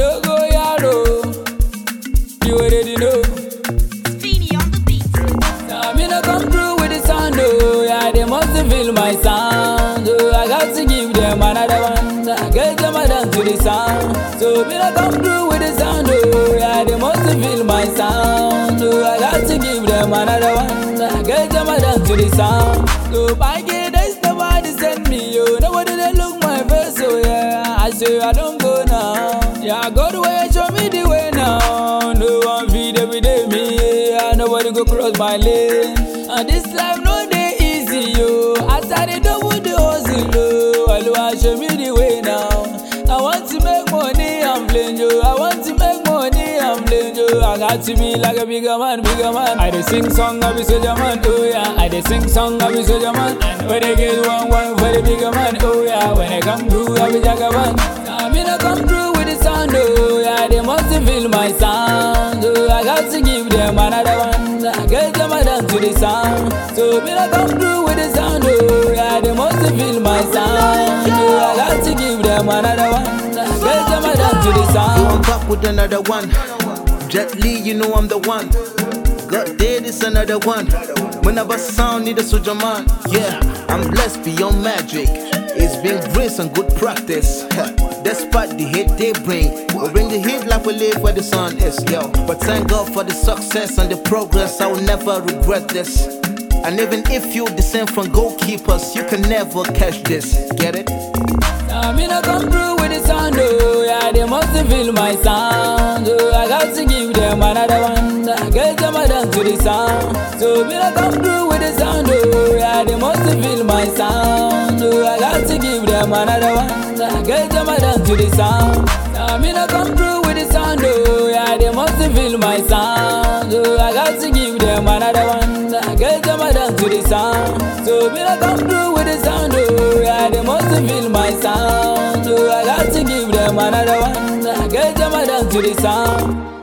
Yaro, oh. you already know. on the beat. Now come with the sound, oh, yeah, they must feel my sound. Oh, I got to give them another one. dance to the sound. So come with the sound, oh, yeah, they must feel my sound. Oh, I got to give them another one. dance to the sound. So send me, oh, nobody they look my face, oh, yeah. I say I don't go now. Yeah, God way, show me the way now. No one feed every day me. Yeah, nobody go cross my lane. And this life no day easy, yo. I started double the hustle, yo. Oluwa, show me the way now. I want to make money, I'm playing, yo. I want to make money, I'm playing, yo. I got to be like a bigger man, bigger man. I dey sing song, I be soldier man, oh yeah. I dey sing song, I be soldier man. And when I get one, one for the bigger man, oh yeah. When I come through, I be jagger man. fulfill my sound. So I got to give them another one. I get them dance to the sound. So when not come through with the sound, oh, yeah, they must feel my sound. So I got to give them another one. I get them dance to the sound. Going back with another one. Jet Lee, you know I'm the one. God did is another one. Whenever sound need a soldier man, yeah, I'm blessed beyond magic. It's been grace and good practice. Despite the hate they bring, we bring the heat we live where the sun is, yo. But thank God for the success and the progress, I will never regret this. And even if you descend from goalkeepers, you can never catch this. Get it? Nah, me not come through with the sound, oh yeah, they must feel my sound. Oh, I got to give them another one, get them a dance to the sound. So me not come through with the sound, oh yeah, they must feel my sound. Oh, I got to give them another one, get them a dance to the sound. Nah, me not come through sound. I got to give them another one. I get them down to the sound. So when I come through with the sound, oh, yeah, they must feel my sound. So oh. I got to give them another one. I get them down to the sound.